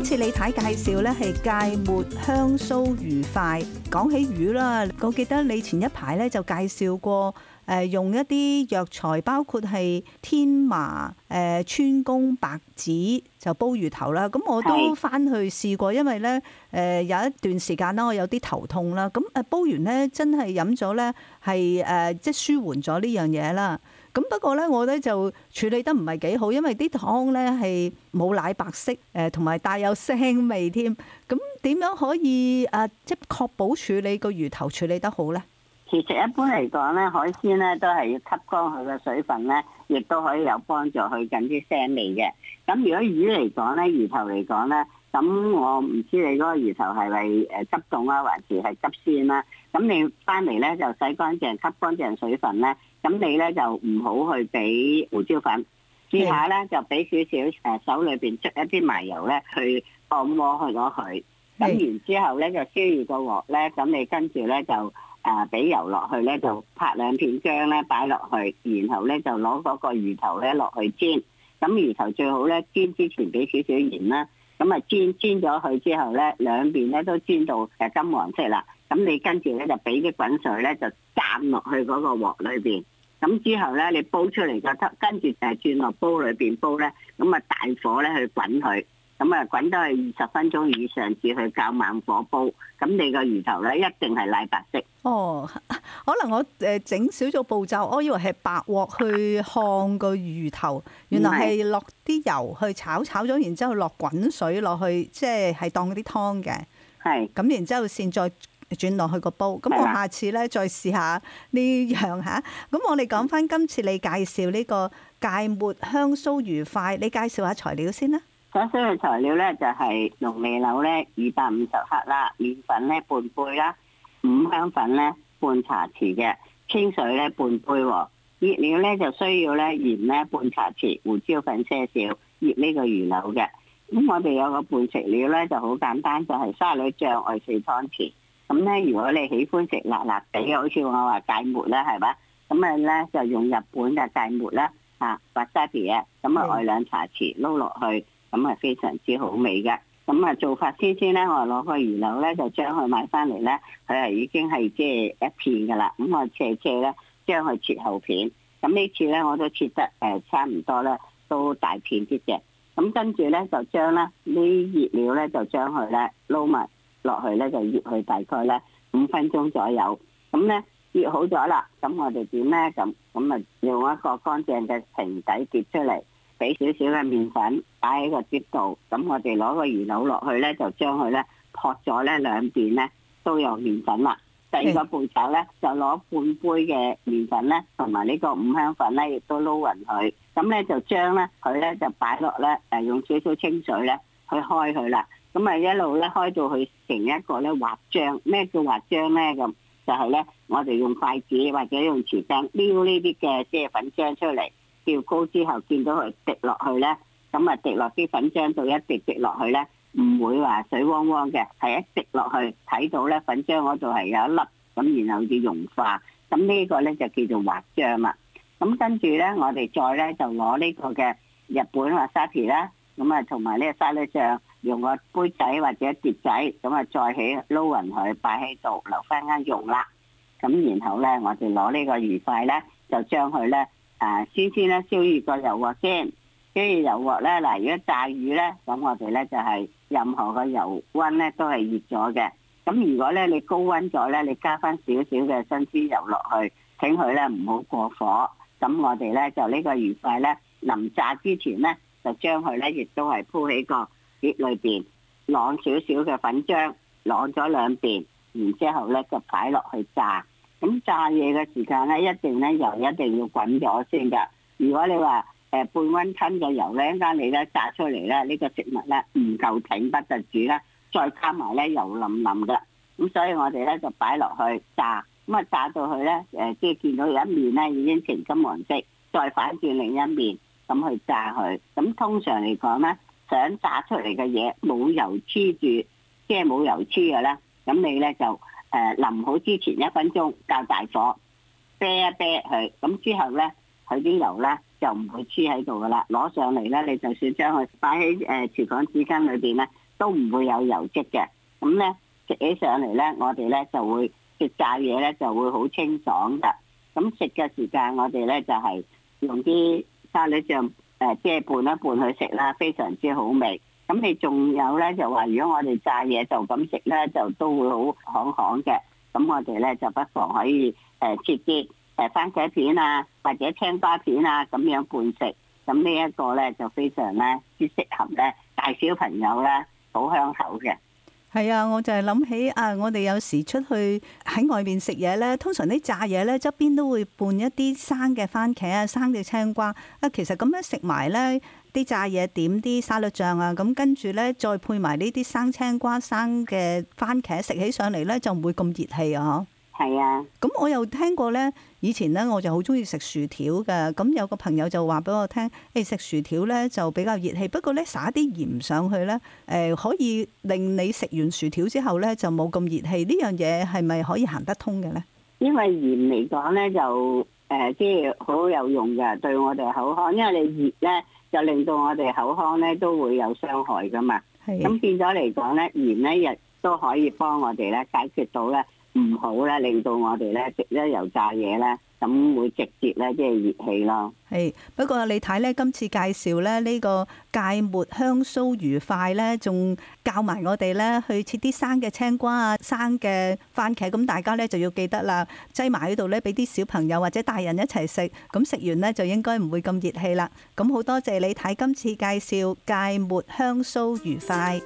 今次李太介紹咧，係芥末香酥魚塊。講起魚啦，我記得你前一排咧就介紹過，誒、呃、用一啲藥材，包括係天麻、誒川芎、白芷，就煲魚頭啦。咁我都翻去試過，因為咧誒、呃、有一段時間啦，我有啲頭痛啦。咁誒煲完咧，真係飲咗咧，係誒、呃、即係舒緩咗呢樣嘢啦。咁不過咧，我咧就處理得唔係幾好，因為啲湯咧係冇奶白色，誒同埋帶有腥味添。咁點樣可以誒，即、啊、係確保處理個魚頭處理得好咧？其實一般嚟講咧，海鮮咧都係要吸乾佢嘅水分咧，亦都可以有幫助去緊啲腥味嘅。咁如果魚嚟講咧，魚頭嚟講咧，咁我唔知你嗰個魚頭係咪誒急凍啦，還是係急鮮啦。咁你翻嚟咧就洗乾淨，吸乾淨水分咧。咁你咧就唔好去俾胡椒粉，接的下咧就俾少少誒手裏邊出一啲麻油咧去按摩去咗佢，咁的然之後咧就燒熱個鑊咧，咁你跟住咧就誒俾油落去咧，就拍兩片姜咧擺落去，然後咧就攞嗰個魚頭咧落去煎，咁魚頭最好咧煎之前俾少少鹽啦，咁啊煎煎咗佢之後咧兩邊咧都煎到誒金黃色啦。咁你跟住咧就俾啲滾水咧就浸落去嗰個鑊裏邊，咁之後咧你煲出嚟就得。跟住就轉落煲裏邊煲咧，咁啊大火咧去滾佢，咁啊滾都去二十分鐘以上至去較猛火煲，咁你個魚頭咧一定係奶白色。哦，可能我誒整少咗步驟，我以為係白鑊去燙個魚頭，原來係落啲油去炒炒咗，然之後落滾水落去，即係係當嗰啲湯嘅。係是。咁然之後先再轉落去個煲，咁我下次咧再試下呢樣嚇。咁我哋講返今次你介紹呢個芥末香酥魚塊，你介紹下材料先啦。所需嘅材料咧就係龍脷柳咧二百五十克啦，麵粉咧半杯啦，五香粉咧半茶匙嘅清水咧半杯喎。醃料咧就需要咧鹽咧半茶匙，胡椒粉些少。醃呢個魚柳嘅，咁我哋有個半食料咧就好簡單，就係沙律醬外四湯匙。咁咧，如果你喜歡食辣辣地好似我話芥末啦，係嘛？咁啊咧，就用日本嘅芥末啦，嚇，沙皮糖，咁啊，兩茶匙撈落去，咁啊，非常之好味嘅。咁啊，做法先先咧，我攞個魚柳咧，就將佢買翻嚟咧，佢係已經係即係一片嘅啦。咁我斜斜咧，將佢切厚片。咁呢次咧，我都切得誒差唔多啦，都大片啲嘅。咁跟住咧，就將咧呢熱料咧，就將佢咧撈埋。落去咧就醃去大概咧五分鐘左右，咁咧醃好咗啦，咁我哋點咧咁？咁啊用一個乾淨嘅平底碟出嚟，俾少少嘅麵粉擺喺個碟度，咁我哋攞個魚柳落去咧，就將佢咧撲咗咧兩邊咧都有麵粉啦。第二個步驟咧就攞半杯嘅麵粉咧同埋呢個五香粉咧，亦都撈勻佢。咁咧就將咧佢咧就擺落咧誒用少少清水咧去開佢啦。咁咪一路咧開到去成一個咧滑漿，咩叫滑漿咧咁？就係咧，我哋用筷子或者用瓷棒撩呢啲嘅即係粉漿出嚟，吊高之後見到佢滴落去咧，咁啊滴落啲粉漿度一滴滴落去咧，唔會話水汪汪嘅，係一滴落去睇到咧粉漿嗰度係有一粒咁，然後要融化。咁呢個咧就叫做滑漿啦。咁跟住咧，我哋再咧就攞呢個嘅日本滑沙皮啦，咁啊同埋呢個沙律醬。用個杯仔或者碟仔，咁啊再起撈勻佢擺喺度，留翻間用啦。咁然後咧，我哋攞呢個魚塊咧，就將佢咧誒先先咧燒熱個油鑊先。燒熱油鑊咧，嗱如果炸魚咧，咁我哋咧就係、是、任何嘅油溫咧都係熱咗嘅。咁如果咧你高溫咗咧，你加翻少少嘅新鮮油落去，請佢咧唔好過火。咁我哋咧就呢個魚塊咧臨炸之前咧，就將佢咧亦都係鋪起個。碟裏邊晾少少嘅粉漿，晾咗兩邊，然之後咧就擺落去炸。咁炸嘢嘅時間咧，一定咧，油一定要滾咗先㗎。如果你話誒半温吞嘅油咧，翻你咧炸出嚟咧，呢個食物咧唔夠挺不得煮啦。再加埋咧油淋淋㗎，咁所以我哋咧就擺落去炸。咁啊炸到佢咧，誒即係見到有一面咧已經呈金黃色，再反轉另一面咁去炸佢。咁通常嚟講咧，想炸出嚟嘅嘢冇油黐住，即係冇油黐嘅咧，咁你咧就誒淋好之前一分鐘，較大火，啤一啤佢，咁之後咧，佢啲油咧就唔會黐喺度噶啦，攞上嚟咧，你就算將佢擺喺誒廚房紙巾裏邊咧，都唔會有油跡嘅。咁咧食起上嚟咧，我哋咧就會食炸嘢咧就會好清爽噶。咁食嘅時間我哋咧就係用啲沙律醬。誒，即係拌一拌去食啦，非常之好味。咁你仲有咧，就話如果我哋炸嘢就咁食咧，就都會好慷慷嘅。咁我哋咧就不妨可以誒切啲誒番茄片啊，或者青瓜片啊，咁樣拌食。咁呢一個咧就非常咧，之適合咧大小朋友咧好香口嘅。係啊，我就係諗起啊，我哋有時出去喺外面食嘢呢，通常啲炸嘢呢，側邊都會拌一啲生嘅番茄啊，生嘅青瓜啊，其實咁樣食埋呢啲炸嘢點啲沙律醬啊，咁跟住呢再配埋呢啲生青瓜、生嘅番茄，食起上嚟呢，就唔會咁熱氣啊～係啊，咁我又聽過咧，以前咧我就好中意食薯條嘅，咁有個朋友就話俾我聽，誒食薯條咧就比較熱氣，不過咧灑啲鹽上去咧，誒、呃、可以令你食完薯條之後咧就冇咁熱氣，呢樣嘢係咪可以行得通嘅咧？因為鹽嚟講咧就誒即係好有用嘅，對我哋口腔，因為你熱咧就令到我哋口腔咧都會有傷害噶嘛，咁是變咗嚟講咧鹽咧亦都可以幫我哋咧解決到咧。唔好咧，令到我哋咧食咧油炸嘢咧，咁會直接咧即係熱氣咯。係，不過李太咧今次介紹咧呢個芥末香酥魚塊咧，仲教埋我哋咧去切啲生嘅青瓜啊、生嘅番茄，咁大家咧就要記得啦，擠埋喺度咧，俾啲小朋友或者大人一齊食，咁食完咧就應該唔會咁熱氣啦。咁好多謝李太今次介紹芥末香酥魚塊。